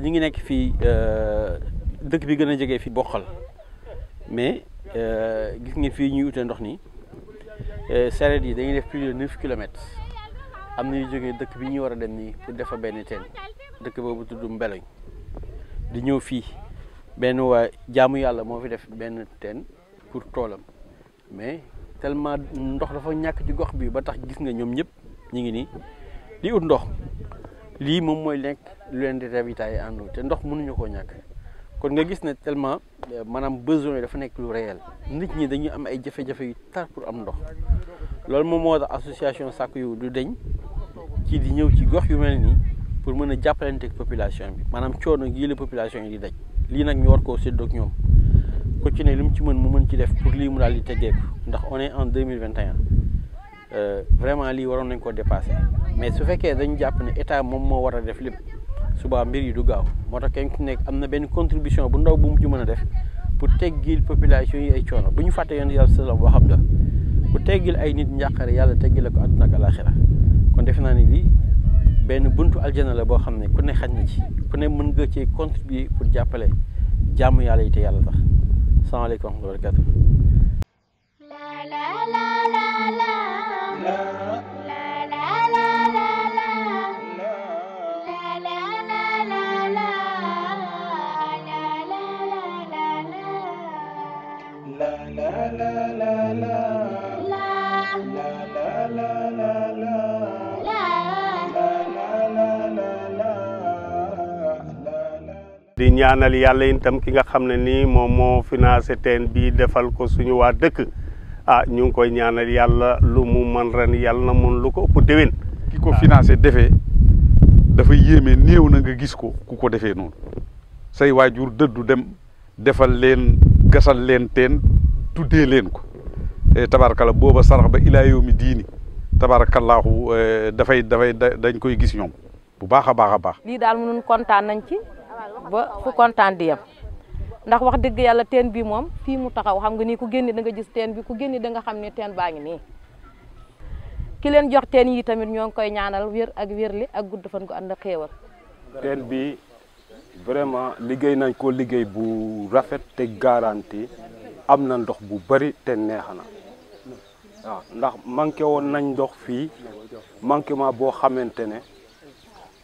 ñu ngi nekk fii euh, dëkk bi gën a jege fi bokkal mais euh, gis ngeen fii ñuy utee ndox nii sareet euh, yi dañuy def plus de neuf kilomètres am na ñu jógee dëkk bi ñu war a dem nii pour defa benn teen dëkk boobu tudd Mbeloñ di ñëw fii benn waa jaamu yàlla moo fi def benn teen pour toolam mais tellement ndox dafa ñàkk ci gox bi ba tax gis nga ñoom ñëpp ñu ngi nii li ut ndox lii moom mooy nekk lu leen di ravitailler en eau te ndox mënuñu koo ñàkk kon nga gis ne tellement euh, maanaam besoin yi dafa nekk lu réel nit ñi dañuy am ay jafe-jafe yu tar pour am ndox loolu moom moo tax association Sakku Yiw du deñ ci di ñëw ci gox yu mel nii pour mën a jàppalanteeg population bi maanaam coono gii la population yi di daj. lii nag ñu war koo séddoog ñoom ku ne li mu ci mën mu mën ci def pour lii mu daal di teggeeku ndax on en deux mille vingt et un euh, vraiment lii waroon nañ koo dépassé mais su fekkee dañu jàpp ne état moom moo war a def lépp suba mbir yi du gaaw moo tax kenn ku nekk am na benn contribution bu ndaw bu mu ci mën a def pour teggil population yi ay coono bu ñu fàtte yoon yàlla salaam waxam la ku teggil ay nit njàqare yàlla teggil la ko adduna ak alaxira kon defe naa ni lii benn buntu aljana la boo xam ne ku ne xaj na ci ku ne mën nga ci contribuer pour jàppale jaamu yàlla yi te yàlla tax salaamaaleykum wa rahmatulah barakaatu la la la la la la la la di ñaanal yàlla itam ki nga xam ne nii moom moo financé teen bii defal ko suñu waa dëkk ah ñu ngi koy ñaanal yàlla lu mu man ren yàlla na mun lu ko ëpp dewen ki ko financé defee dafa yéeme néew na nga gis ko ku ko defee noonu say waajur dëddu dem defal leen gasal leen teen dee leen ko eh, tabarakalla booba sarax ba ilaa yow mi diini tabarakallaahu eh, dafay dafay dañ koy gis ñoom bu baax a baax a baax. ba fu Nak di yem ndax wax dëgg yàlla teen bi moom fii mu taxaw xam nga ni ku génn da nga gis teen bi ku génn da nga xam ne teen baa ngi nii ki leen jox teen yi tamit koy ñaanal ak ak gudd fan bi vraiment nañ ko bu rafet te garanti am ndox bu bari te neex na waaw ndax manqué woon nañ ndox fii manquement boo xamante ne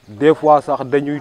des fois sax dañuy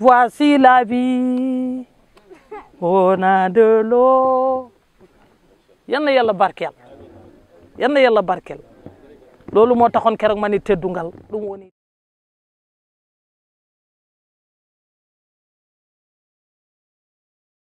Voici la vie. On a de l'eau. yan yalla la barkeel yan na yàlla barkeel loolu moo taxoon keroog ma ni woni